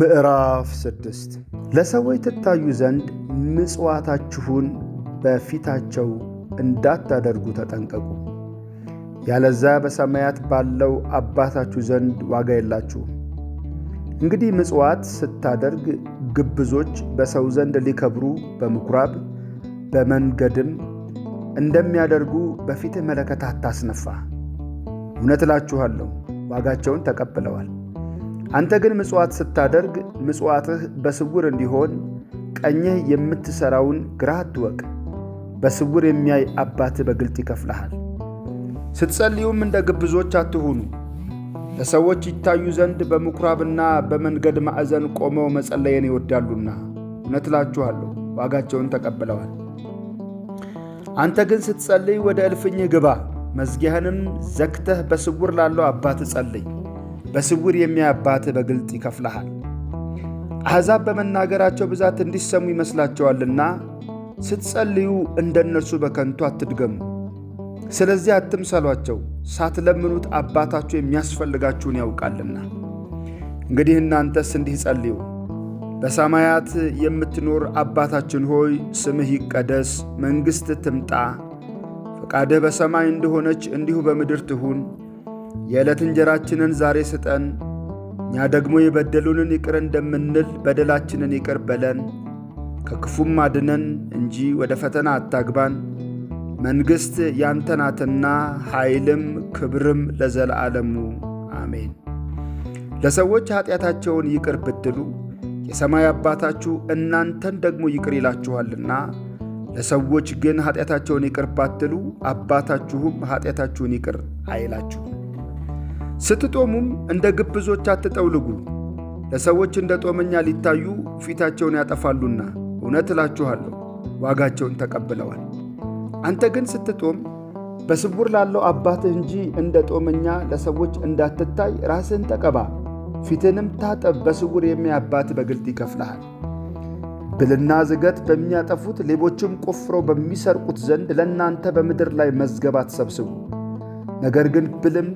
ምዕራፍ ስድስት ለሰዎች ትታዩ ዘንድ ምጽዋታችሁን በፊታቸው እንዳታደርጉ ተጠንቀቁ፣ ያለዛ በሰማያት ባለው አባታችሁ ዘንድ ዋጋ የላችሁም። እንግዲህ ምጽዋት ስታደርግ ግብዞች በሰው ዘንድ ሊከብሩ በምኩራብ በመንገድም እንደሚያደርጉ በፊትህ መለከት አታስነፋ። እውነት እላችኋለሁ ዋጋቸውን ተቀብለዋል። አንተ ግን ምጽዋት ስታደርግ ምጽዋትህ በስውር እንዲሆን ቀኝህ የምትሠራውን ግራ አትወቅ። በስውር የሚያይ አባትህ በግልጥ ይከፍልሃል። ስትጸልዩም እንደ ግብዞች አትሁኑ። ለሰዎች ይታዩ ዘንድ በምኵራብና በመንገድ ማዕዘን ቆመው መጸለየን ይወዳሉና እውነት እላችኋለሁ ዋጋቸውን ተቀብለዋል። አንተ ግን ስትጸልይ ወደ እልፍኝህ ግባ፣ መዝጊያህንም ዘግተህ በስውር ላለው አባትህ ጸልይ በስውር የሚያባት በግልጥ ይከፍልሃል። አሕዛብ በመናገራቸው ብዛት እንዲሰሙ ይመስላቸዋልና ስትጸልዩ እንደ እነርሱ በከንቱ አትድገሙ። ስለዚህ አትምሰሏቸው፣ ሳትለምኑት አባታችሁ የሚያስፈልጋችሁን ያውቃልና። እንግዲህ እናንተስ እንዲህ ጸልዩ። በሰማያት የምትኖር አባታችን ሆይ ስምህ ይቀደስ፣ መንግሥት ትምጣ፣ ፈቃድህ በሰማይ እንደሆነች እንዲሁ በምድር ትሁን የዕለት እንጀራችንን ዛሬ ስጠን፣ እኛ ደግሞ የበደሉንን ይቅር እንደምንል በደላችንን ይቅር በለን፣ ከክፉም አድነን እንጂ ወደ ፈተና አታግባን፣ መንግሥት ያንተ ናትና ኃይልም ክብርም ለዘላለሙ አሜን። ለሰዎች ኀጢአታቸውን ይቅር ብትሉ የሰማይ አባታችሁ እናንተን ደግሞ ይቅር ይላችኋልና ለሰዎች ግን ኀጢአታቸውን ይቅር ባትሉ አባታችሁም ኀጢአታችሁን ይቅር አይላችሁ ስትጦሙም እንደ ግብዞች አትጠውልጉ፣ ለሰዎች እንደ ጦመኛ ሊታዩ ፊታቸውን ያጠፋሉና እውነት እላችኋለሁ ዋጋቸውን ተቀብለዋል። አንተ ግን ስትጦም በስውር ላለው አባትህ እንጂ እንደ ጦመኛ ለሰዎች እንዳትታይ ራስህን ተቀባ፣ ፊትንም ታጠብ። በስውር የሚያይ አባት በግልጥ ይከፍልሃል። ብልና ዝገት በሚያጠፉት ሌቦችም ቆፍረው በሚሰርቁት ዘንድ ለእናንተ በምድር ላይ መዝገብ አትሰብስቡ። ነገር ግን ብልም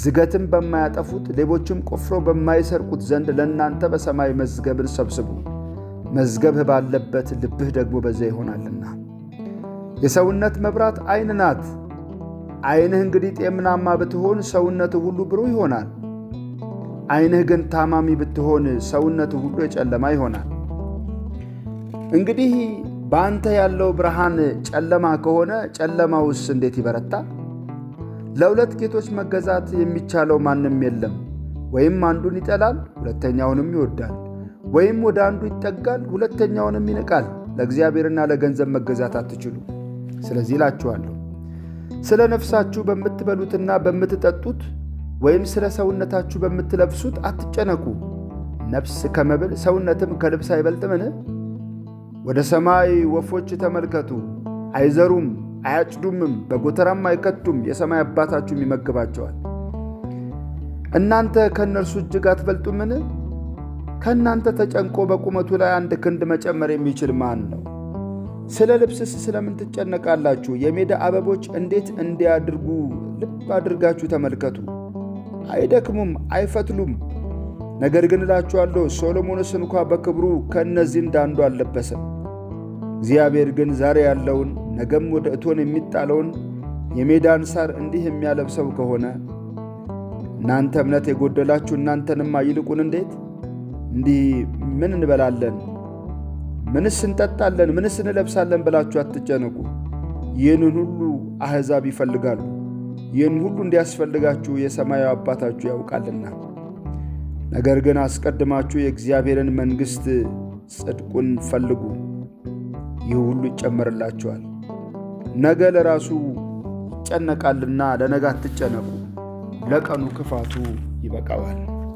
ዝገትም በማያጠፉት ሌቦችም ቆፍሮ በማይሰርቁት ዘንድ ለእናንተ በሰማይ መዝገብን ሰብስቡ። መዝገብህ ባለበት ልብህ ደግሞ በዚያ ይሆናልና። የሰውነት መብራት ዓይን ናት። ዓይንህ እንግዲህ ጤምናማ ብትሆን ሰውነት ሁሉ ብሩህ ይሆናል። ዐይንህ ግን ታማሚ ብትሆን ሰውነት ሁሉ የጨለማ ይሆናል። እንግዲህ በአንተ ያለው ብርሃን ጨለማ ከሆነ ጨለማውስ እንዴት ይበረታል? ለሁለት ጌቶች መገዛት የሚቻለው ማንም የለም። ወይም አንዱን ይጠላል፣ ሁለተኛውንም ይወዳል። ወይም ወደ አንዱ ይጠጋል፣ ሁለተኛውንም ይንቃል። ለእግዚአብሔርና ለገንዘብ መገዛት አትችሉ። ስለዚህ እላችኋለሁ ስለ ነፍሳችሁ በምትበሉትና በምትጠጡት ወይም ስለ ሰውነታችሁ በምትለብሱት አትጨነቁ። ነፍስ ከመብል ሰውነትም ከልብስ አይበልጥምን? ወደ ሰማይ ወፎች ተመልከቱ፣ አይዘሩም አያጭዱምም፣ በጎተራም አይከቱም፣ የሰማይ አባታችሁም ይመግባቸዋል። እናንተ ከእነርሱ እጅግ አትበልጡምን? ከእናንተ ተጨንቆ በቁመቱ ላይ አንድ ክንድ መጨመር የሚችል ማን ነው? ስለ ልብስስ ስለምን ትጨነቃላችሁ? የሜዳ አበቦች እንዴት እንዲያድርጉ ልብ አድርጋችሁ ተመልከቱ። አይደክሙም፣ አይፈትሉም። ነገር ግን እላችኋለሁ ሶሎሞንስ እንኳ በክብሩ ከእነዚህ እንዳንዱ አልለበሰም። እግዚአብሔር ግን ዛሬ ያለውን ነገም ወደ እቶን የሚጣለውን የሜዳን ሳር እንዲህ የሚያለብሰው ከሆነ እናንተ እምነት የጎደላችሁ እናንተንማ ይልቁን እንዴት እንዲህ ምን እንበላለን፣ ምንስ እንጠጣለን፣ ምንስ እንለብሳለን ብላችሁ አትጨነቁ። ይህንን ሁሉ አሕዛብ ይፈልጋሉ። ይህን ሁሉ እንዲያስፈልጋችሁ የሰማያዊ አባታችሁ ያውቃልና። ነገር ግን አስቀድማችሁ የእግዚአብሔርን መንግሥት ጽድቁን ፈልጉ፣ ይህ ሁሉ ይጨመርላችኋል። ነገ ለራሱ ይጨነቃልና ለነገ አትጨነቁ፣ ለቀኑ ክፋቱ ይበቃዋል።